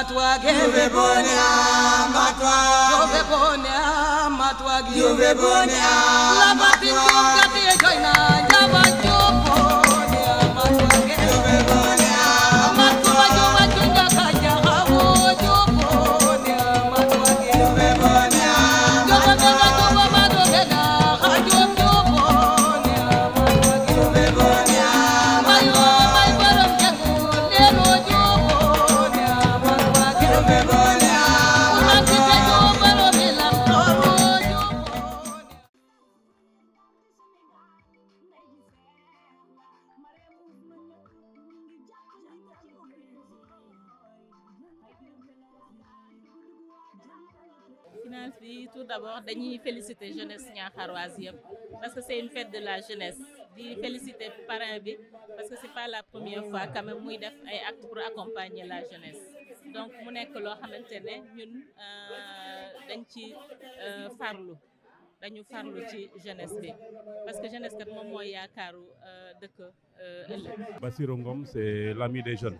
matwagi Juve bonia matwagi Juve bonia matwagi Juve bonia matwagi Labatin kukati ejoina jabanjopo finale fii tout d'abord dañuy féliciter jeunesse ñaaxaroise yëpp parce que c'est une fête de la jeunesse di féliciter parrain bi parce que c'est pas la première fois quand même muy def ay actes pour accompagner la jeunesse donc mu nekk loo xamante ne ñun euh, dañ ci euh, farlu dañu farlu ci jeunesse bi parce que jeunesse kat moom mooy yaakaaru euh, dëkk ëllëg Bassirou Ngom c'est l'ami des jeunes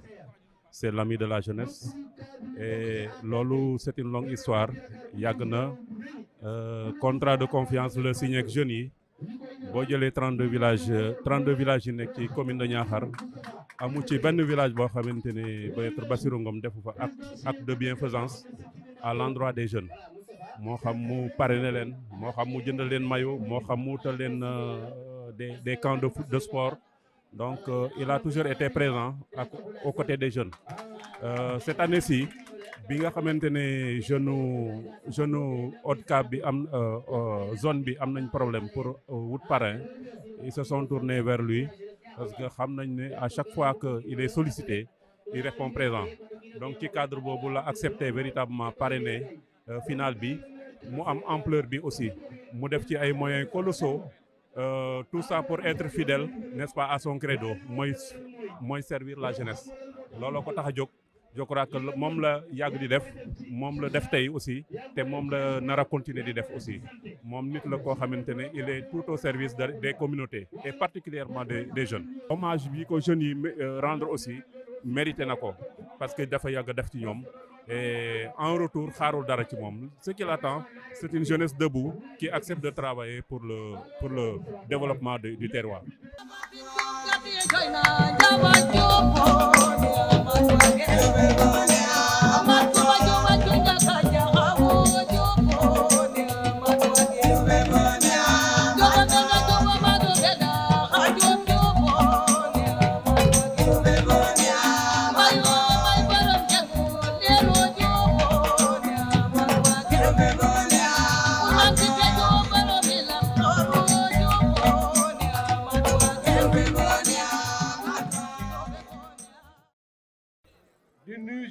c'est l'ami de la jeunesse et loolu c'est une longue histoire yàgg na euh, contrat de confiance la signé ak jeunes yi boo jëlee 32 villages 32 villages yi nekk ci commune de Niakhar amu ci benn village boo xamante ne Maître Bassirou Ngom defu fa acte acte de bienfaisance à l'endroit des jeunes moo xam mu parrainé leen moo xam mu jëndal leen maillot moo xam mu wutal leen euh, des des de foot de sport Donc, euh, il a toujours été présent à, aux côtés des jeunes. Euh, cette année-ci, bi nga xamante ne jeune jeune ODCAV bi am euh, euh, zone bi am nañ problème pour euh, wut parrain ils se sont tournés vers lui parce que xam nañ ne à chaque fois que il est solicité il répond présent donc ci cadre boobu la accepté véritablement parrainer final bi mu am empleur bi aussi mu def ci ay moyens colossaux Euh, tout ça pour être fidèle n'est-ce pas à son credo mooy mooy servir la jeunesse looloo ko tax a jóg je crois moom la yàgg di def moom la def tey aussi te moom la nar a di def aussi moom nit la koo xamante ne il est tout au service des communauté et particulièrement de des jeunes. hommage bi ko jeunes yi euh, rendre aussi mérité na ko parce que dafa yàgg def ci ñoom. Et en retour, ci Daratimom, ce qu'il attend, c'est une jeunesse debout qui accepte de travailler pour le, pour le développement de, du terroir.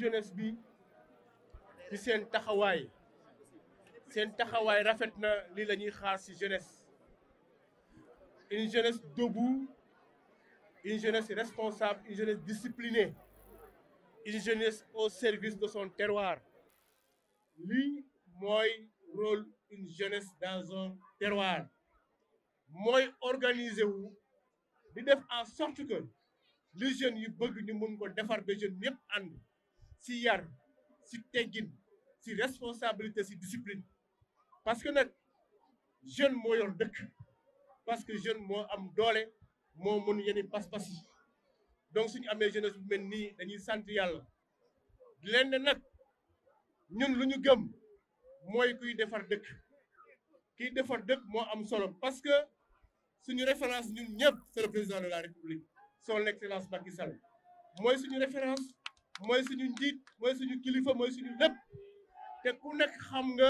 jeunesse bi seen taxawaay seen taxawaay rafet na lii la ñuy xaar ci jeunesse une jeunesse debout une jeunesse responsable une jeunesse disciplinée une jeunesse au service de son terroir lii mooy rôle une jeunesse dans un terroir mooy organiser wu di def en sorte que li jeunes yu bëgg ñu mun ko defar ba jeunes yëpp ànd si yar si teggin si responsabilité si discipline parce que nag jeune moo dëkk parce que jeune moo am doole moo mën yenn pas-pas yi donc ñu amee jeunesse bu mel nii dañuy sant yàlla di leen ne nag ñun lu ñu gëm mooy kuy defar dëkk kiy defar dëkk moo am solo parce que suñu référence ñun ñëpp c'est le président de la république son excellence Macky Sall mooy suñu référence mooy suñu njiit mooy suñu kilifa mooy suñu lépp te ku nekk xam nga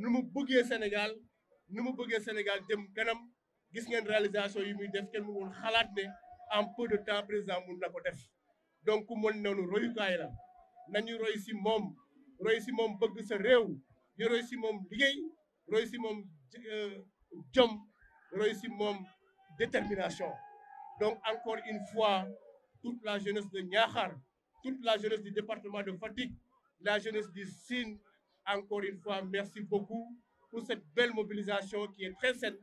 nu mu bëggee Sénégal nu mu bëggee Sénégal jëm kanam gis ngeen réalisation yi muy def kenn mu woon xalaat ne en peu de temps président mun na ko def donc mën noonu royukaay na nañu roy si moom roy si moom bëgg sa réew ñu si moom liggéey roy si moom euh, jom roy si moom détermination donc encore une fois toute la jeunesse de Niakhar toute la jeunesse du département de Fatick, la jeunesse du Sine. Encore une fois, merci beaucoup pour cette belle mobilisation qui est très saine,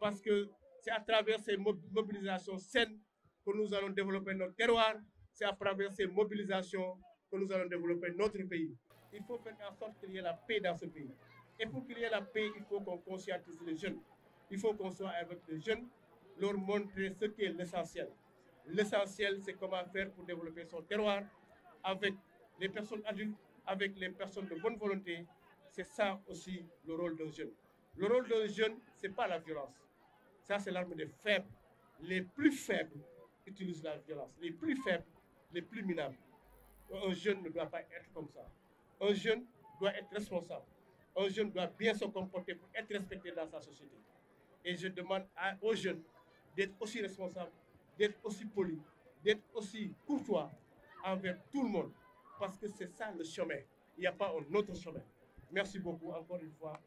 parce que c'est à travers ces mobilisations saines que nous allons développer notre terroir, c'est à travers ces mobilisations que nous allons développer notre pays. Il faut faire en sorte qu'il y ait la paix dans ce pays. Et qu'il y ait la paix, il faut qu'on conscientise les jeunes. Il faut qu'on soit avec les jeunes, leur montrer ce qui L'essentiel, c'est comment faire pour développer son terroir avec les personnes adultes, avec les personnes de bonne volonté. C'est ça aussi le rôle d'un jeune. Le rôle d'un jeune, ce n'est pas la violence. Ça, c'est l'arme des faibles. Les plus faibles utilisent la violence. Les plus faibles, les plus minables. Un jeune ne doit pas être comme ça. Un jeune doit être responsable. Un jeune doit bien se comporter pour être respecté dans sa société. Et je demande à, aux jeunes d'être aussi responsables d'être aussi poli, d'être aussi courtois envers tout le monde. Parce que c'est ça le chemin. Il n'y a pas un autre chemin. Merci beaucoup encore une fois.